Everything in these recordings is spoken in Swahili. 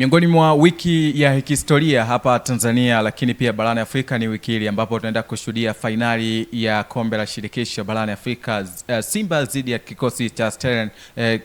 Miongoni mwa wiki ya kihistoria hapa Tanzania lakini pia barani Afrika ni wiki hili ambapo tunaenda kushuhudia fainali ya kombe la shirikisho barani Afrika, eh, Simba dhidi ya kikosi cha Stern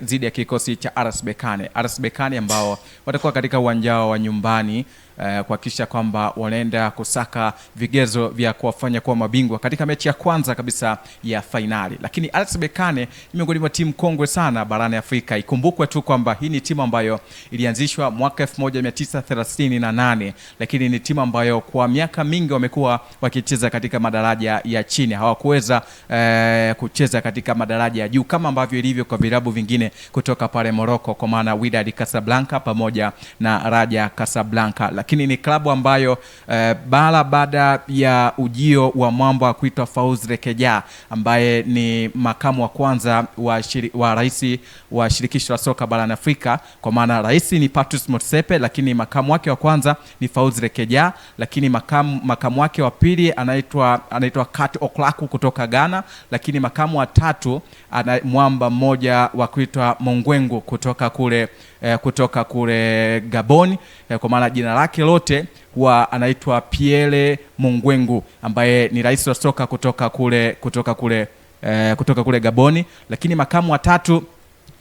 dhidi eh, ya kikosi cha RS Berkane. RS Berkane ambao watakuwa katika uwanja wa nyumbani eh, kuhakikisha kwamba wanaenda kusaka vigezo vya kuwafanya kuwa mabingwa katika mechi ya kwanza kabisa ya fainali. Lakini RS Berkane ni miongoni mwa timu kongwe sana barani Afrika. Ikumbukwe tu kwamba hii ni timu ambayo ilianzishwa mwaka 1938 lakini ni timu ambayo kwa miaka mingi wamekuwa wakicheza katika madaraja ya chini, hawakuweza eh, kucheza katika madaraja ya juu kama ambavyo ilivyo kwa vilabu vingine kutoka pale Morocco, kwa maana Wydad Casablanca pamoja na Raja Casablanca lakini ni klabu ambayo eh, bara baada ya ujio wa mwamba kuitwa Fauzi Rekeja ambaye ni makamu wa kwanza wa, shiri, wa rais wa shirikisho la soka barani Afrika, kwa maana rais ni Patrice Motsepe, lakini makamu wake wa kwanza ni Fauzi Rekeja, lakini makamu, makamu wake wa pili anaitwa anaitwa Kat Oklaku kutoka Ghana, lakini makamu wa tatu ana mwamba mmoja wa kuitwa mongwengu kutoka kule, eh, kutoka kule Gaboni eh, kwa maana jina lake lake lote huwa anaitwa Pierre Mungwengu ambaye ni rais wa soka kutoka kule, kutoka kule, eh, kutoka kule Gaboni, lakini makamu wa tatu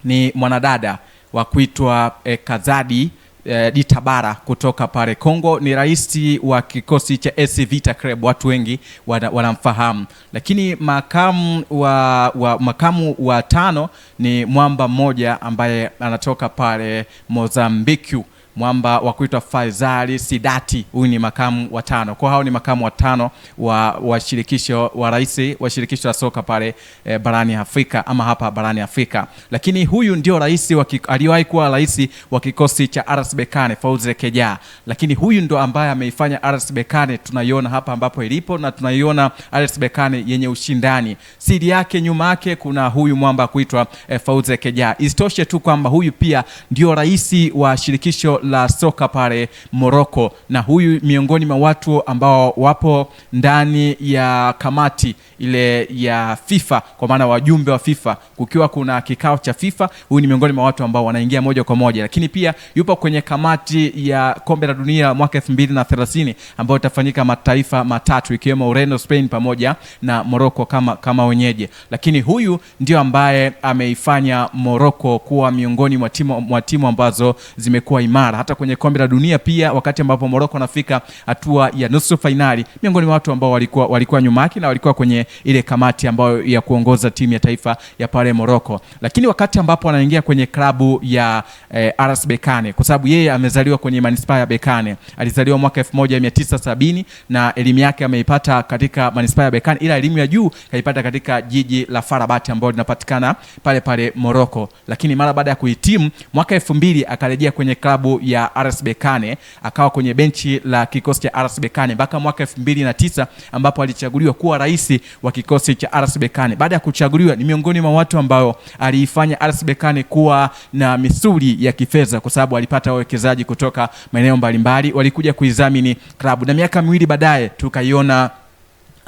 ni mwanadada wa kuitwa eh, Kazadi eh, Ditabara kutoka pale Kongo. Ni rais wa kikosi cha AS Vita Club, watu wengi wanamfahamu wana, lakini makamu wa, wa, makamu wa tano ni mwamba mmoja ambaye anatoka pale Mozambique mwamba wa kuitwa Faizali Sidati, huyu ni makamu wa tano. Kwa hao ni makamu wa tano wa, washirikisho wa rais wa shirikisho la soka pale e, barani Afrika ama hapa barani Afrika, lakini huyu ndio rais aliyewahi kuwa rais wa kikosi cha RS Berkane Fauzi Keja, lakini huyu ndo ambaye ameifanya RS Berkane tunaiona hapa ambapo ilipo na tunaiona RS Berkane yenye ushindani. Siri yake nyuma yake kuna huyu mwamba kuitwa e, eh, Fauzi Keja. Isitoshe tu kwamba huyu pia ndio rais wa shirikisho la soka pale moroko na huyu miongoni mwa watu ambao wapo ndani ya kamati ile ya FIFA, kwa maana wajumbe wa FIFA, kukiwa kuna kikao cha FIFA, huyu ni miongoni mwa watu ambao wanaingia moja kwa moja, lakini pia yupo kwenye kamati ya kombe la dunia mwaka 2030 ambayo itafanyika mataifa matatu ikiwemo Ureno, Spain pamoja na moroko kama, kama wenyeje lakini huyu ndio ambaye ameifanya moroko kuwa miongoni mwa timu ambazo zimekuwa imara sana hata kwenye kombe la dunia pia, wakati ambapo Morocco anafika hatua ya nusu fainali, miongoni mwa watu ambao walikuwa, walikuwa nyuma yake na walikuwa kwenye ile kamati ambayo ya kuongoza timu ya taifa ya pale Morocco, lakini wakati ambapo anaingia kwenye klabu ya eh, RS bekane kwa sababu yeye amezaliwa kwenye manispaa ya bekane alizaliwa mwaka 1970 na elimu yake ameipata katika manispaa ya bekane ila elimu ya juu kaipata katika jiji la Farabati ambalo linapatikana pale pale Morocco, lakini mara baada ya kuhitimu mwaka 2000 akarejea kwenye klabu ya RS Berkane, akawa kwenye benchi la kikosi cha RS Berkane mpaka mwaka 2009 ambapo alichaguliwa kuwa rais wa kikosi cha RS Berkane. Baada ya kuchaguliwa, ni miongoni mwa watu ambao aliifanya RS Berkane kuwa na misuli ya kifedha, kwa sababu alipata wawekezaji kutoka maeneo mbalimbali walikuja kuizamini klabu, na miaka miwili baadaye tukaiona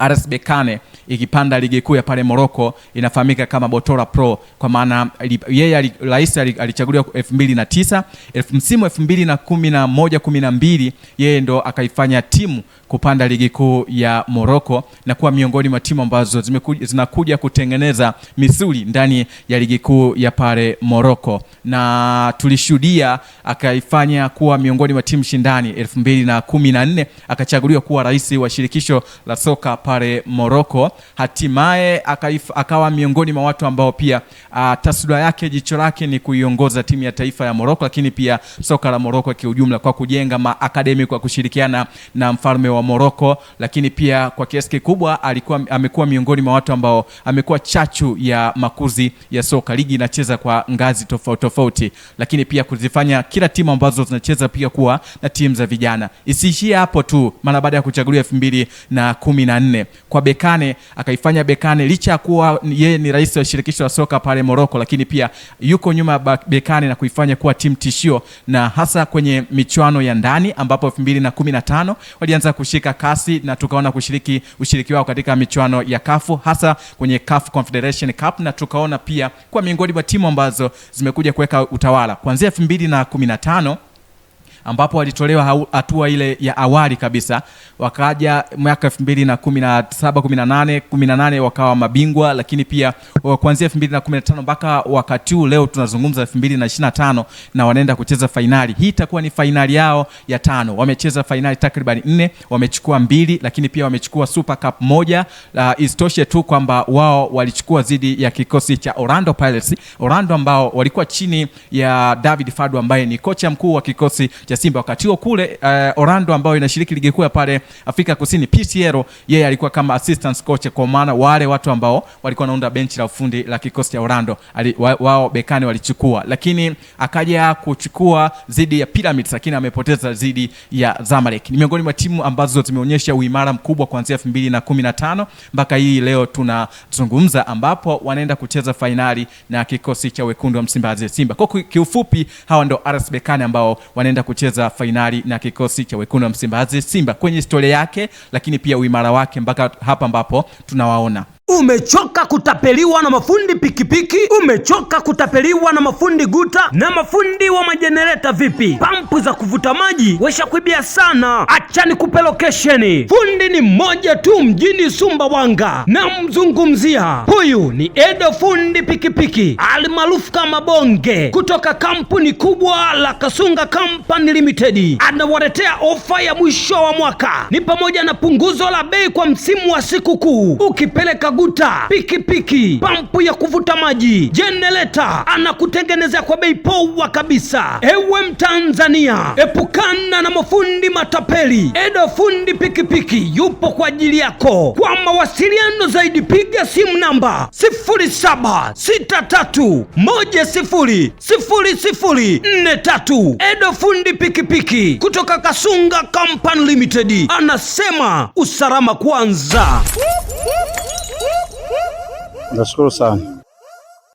RS Berkane ikipanda ligi kuu ya pale Morocco inafahamika kama Botola Pro, kwa maana yeye rais alichaguliwa 2009 msimu 2011 12 yeye ndo akaifanya timu kupanda ligi kuu ya Morocco na kuwa miongoni mwa timu ambazo zinakuja kutengeneza misuli ndani ya ligi kuu ya pale Morocco, na tulishuhudia akaifanya kuwa miongoni mwa timu shindani 2014 akachaguliwa kuwa rais wa shirikisho la soka pale Morocco, hatimaye akawa miongoni mwa watu ambao pia uh, taswira yake jicho lake ni kuiongoza timu ya taifa ya Morocco, lakini pia soka la Morocco kiujumla kwa kujenga maakademi kwa kushirikiana na mfalme wa Morocco, lakini pia kwa kiasi kikubwa alikuwa amekuwa miongoni mwa watu ambao amekuwa chachu ya makuzi ya soka. Ligi inacheza kwa ngazi tofauti tofauti, lakini pia kuzifanya kila timu ambazo zinacheza pia kuwa na timu za vijana. Isiishie hapo tu, mara baada ya kuchaguliwa elfu mbili na kumi na nne nne kwa Bekane, akaifanya Bekane licha ya kuwa yeye ni rais wa shirikisho la soka pale Moroko, lakini pia yuko nyuma ya Bekane na kuifanya kuwa timu tishio, na hasa kwenye michuano ya ndani ambapo 2015 walianza kushika kasi na tukaona kushiriki ushiriki wao katika michuano ya kafu hasa kwenye CAF Confederation Cup, na tukaona pia kwa miongoni mwa timu ambazo zimekuja kuweka utawala kuanzia 2015 ambapo walitolewa hatua ile ya awali kabisa, wakaja mwaka 2017 18 18 wakawa mabingwa, lakini pia kuanzia 2015 mpaka wakati huu leo tunazungumza 2025, na wanaenda kucheza fainali. Hii itakuwa ni fainali yao ya tano. Wamecheza fainali takriban nne, wamechukua mbili, lakini pia wamechukua Super Cup moja. Uh, isitoshe tu kwamba wao walichukua dhidi ya kikosi cha Orlando Pirates, Orlando ambao walikuwa chini ya David Fadu ambaye ni kocha mkuu wa kikosi cha ya Simba. Wakati huo kule uh, Orlando ambayo inashiriki ligi kuu ya pale Afrika Kusini, PTL yeye alikuwa kama assistant coach, kwa maana wale watu ambao walikuwa wanaunda benchi la ufundi la kikosi cha Orlando wa, wao bekani walichukua, lakini akaja kuchukua zidi ya Pyramids, lakini amepoteza zidi ya Zamalek. Ni miongoni mwa timu ambazo zimeonyesha uimara mkubwa kuanzia 2015 mpaka hii leo tunazungumza, ambapo wanaenda kucheza fainali na kikosi cha wekundu wa Msimbazi Simba. Kwa kiufupi, hawa ndo RS Bekani ambao wanaenda kucheza kucheza fainali na kikosi cha wekundu wa Msimbazi Simba kwenye historia yake, lakini pia uimara wake mpaka hapa ambapo tunawaona. Umechoka kutapeliwa na mafundi pikipiki? Umechoka kutapeliwa na mafundi guta na mafundi wa majenereta? Vipi pampu za kuvuta maji weshakuibia sana? Achani kupe lokesheni. Fundi ni mmoja tu mjini Sumbawanga, namzungumzia huyu ni Edo fundi pikipiki almaarufu kama Bonge, kutoka kampuni kubwa la Kasunga Company Limited. Anawaletea ofa ya mwisho wa mwaka, ni pamoja na punguzo la bei kwa msimu wa sikukuu. Ukipeleka maguta, pikipiki, pampu ya kuvuta maji, jenereta, anakutengenezea kwa bei poa kabisa. Ewe Mtanzania, epukana na mafundi matapeli. Edo Fundi Pikipiki yupo kwa ajili yako. Kwa mawasiliano zaidi, piga simu namba 0763100043. Edo Fundi Pikipiki kutoka Kasunga Company Limited anasema usalama kwanza. Nashukuru sana.